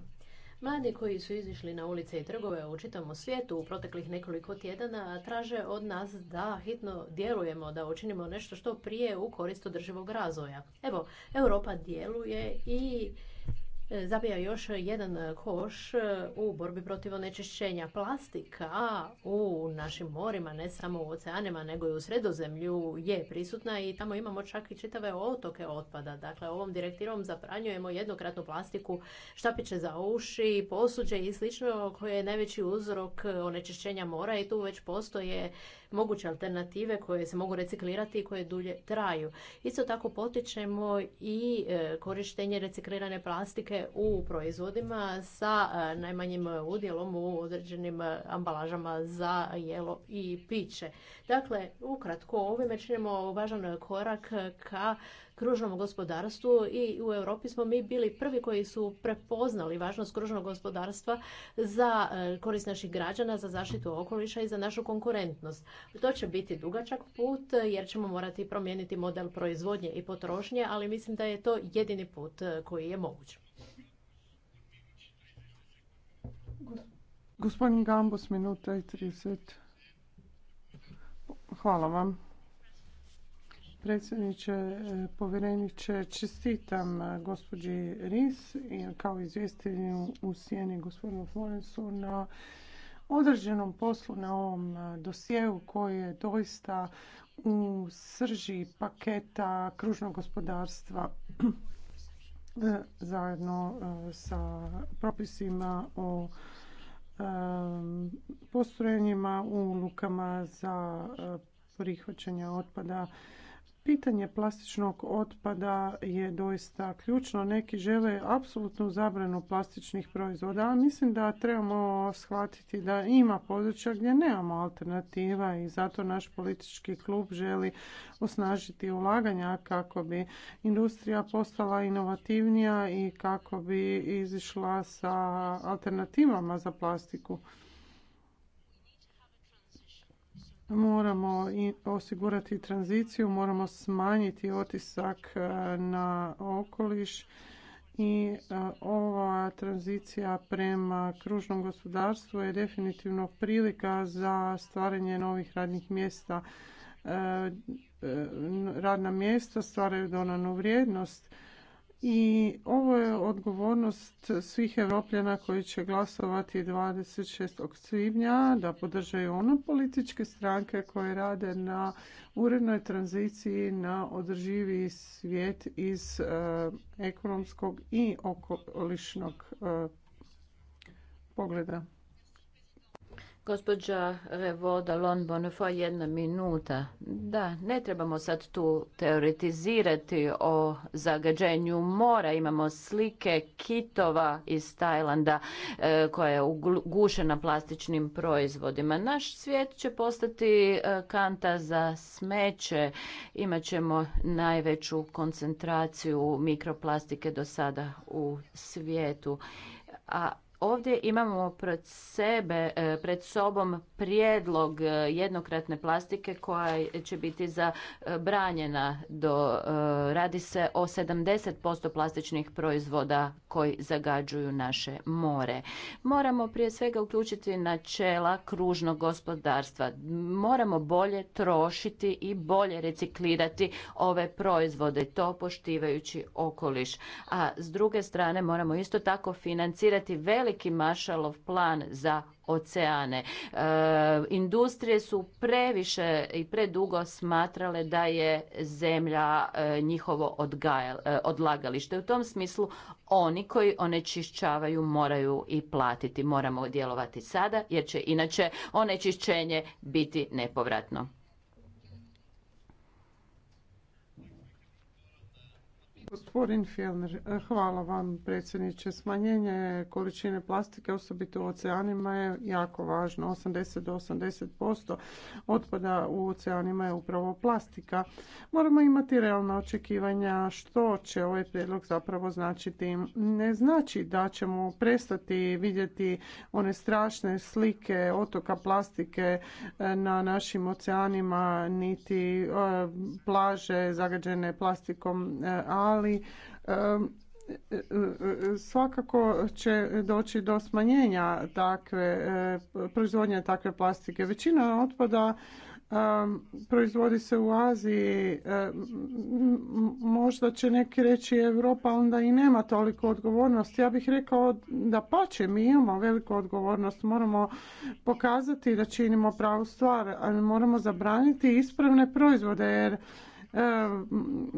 Speaker 2: Mladi koji su izišli na ulice i trgove u čitavom svijetu u proteklih nekoliko tjedana traže od nas da hitno djelujemo, da učinimo nešto što prije u korist održivog razvoja. Evo, Europa djeluje i E, zabija još jedan e, koš e, u borbi protiv onečišćenja plastika u našim morima, ne samo u oceanima, nego i u sredozemlju je prisutna i tamo imamo čak i čitave otoke otpada. Dakle, ovom direktivom zapranjujemo jednokratnu plastiku, štapiće za uši, posuđe i slično koje je najveći uzrok onečišćenja mora i tu već postoje moguće alternative koje se mogu reciklirati i koje dulje traju. Isto tako potičemo i e, korištenje reciklirane plastike u proizvodima sa e, najmanjim udjelom u određenim e, ambalažama za jelo i piće. Dakle, ukratko, ovime činimo važan korak ka kružnom gospodarstvu i u Europi smo mi bili prvi koji su prepoznali važnost kružnog gospodarstva za e, korist naših građana, za zaštitu okoliša i za našu konkurentnost. To će biti dugačak put jer ćemo morati promijeniti model proizvodnje i potrošnje, ali mislim da je to jedini put e, koji je moguć.
Speaker 3: Gospodin Gambus, minuta i 30. Hvala vam predsjedniče, e, povjereniče, čestitam e, gospođi Ris kao izvjestitelju u sjeni gospodinu Florensu na određenom poslu na ovom e, dosjeu koji je doista u srži paketa kružnog gospodarstva zajedno sa propisima o postrojenjima u lukama za prihvaćanje otpada Pitanje plastičnog otpada je doista ključno. Neki žele apsolutnu zabranu plastičnih proizvoda, mislim da trebamo shvatiti da ima područja gdje nemamo alternativa i zato naš politički klub želi osnažiti ulaganja kako bi industrija postala inovativnija i kako bi izišla sa alternativama za plastiku moramo osigurati tranziciju, moramo smanjiti otisak e, na okoliš i e, ova tranzicija prema kružnom gospodarstvu je definitivno prilika za stvaranje novih radnih mjesta. E, radna mjesta stvaraju donanu vrijednost i ovo je odgovornost svih Evropljana koji će glasovati 26. svibnja da podržaju one političke stranke koje rade na urednoj tranziciji na održivi svijet iz e, ekonomskog i okolišnog e, pogleda.
Speaker 1: Gospođa Revoda Lon Bonnefoy, jedna minuta. Da, ne trebamo sad tu teoretizirati o zagađenju mora. Imamo slike kitova iz Tajlanda e, koja je ugušena plastičnim proizvodima. Naš svijet će postati e, kanta za smeće. Imaćemo najveću koncentraciju mikroplastike do sada u svijetu. A Ovdje imamo pred sebe, e, pred sobom prijedlog e, jednokratne plastike koja će biti zabranjena e, do, radi se o 70% plastičnih proizvoda koji zagađuju naše more. Moramo prije svega uključiti načela kružnog gospodarstva. Moramo bolje trošiti i bolje reciklirati ove proizvode, to poštivajući okoliš. A s druge strane moramo isto tako financirati veliko veliki mašalov plan za oceane. E, industrije su previše i predugo smatrale da je zemlja e, njihovo e, odlagalište. U tom smislu oni koji onečišćavaju moraju i platiti. Moramo djelovati sada jer će inače onečišćenje biti nepovratno.
Speaker 3: Gospodin Fjellner, e, hvala vam predsjedniče. Smanjenje količine plastike, osobito u oceanima, je jako važno. 80 do 80% otpada u oceanima je upravo plastika. Moramo imati realna očekivanja što će ovaj prijedlog zapravo značiti. Ne znači da ćemo prestati vidjeti one strašne slike otoka plastike e, na našim oceanima, niti e, plaže zagađene plastikom, ali ali svakako će doći do smanjenja takve eh, proizvodnje takve plastike. Većina otpada proizvodi se u Aziji. Možda će neki reći Europa onda i nema toliko odgovornost. Ja bih rekao da pače, mi imamo veliku odgovornost. Moramo pokazati da činimo pravu stvar, ali moramo zabraniti ispravne proizvode jer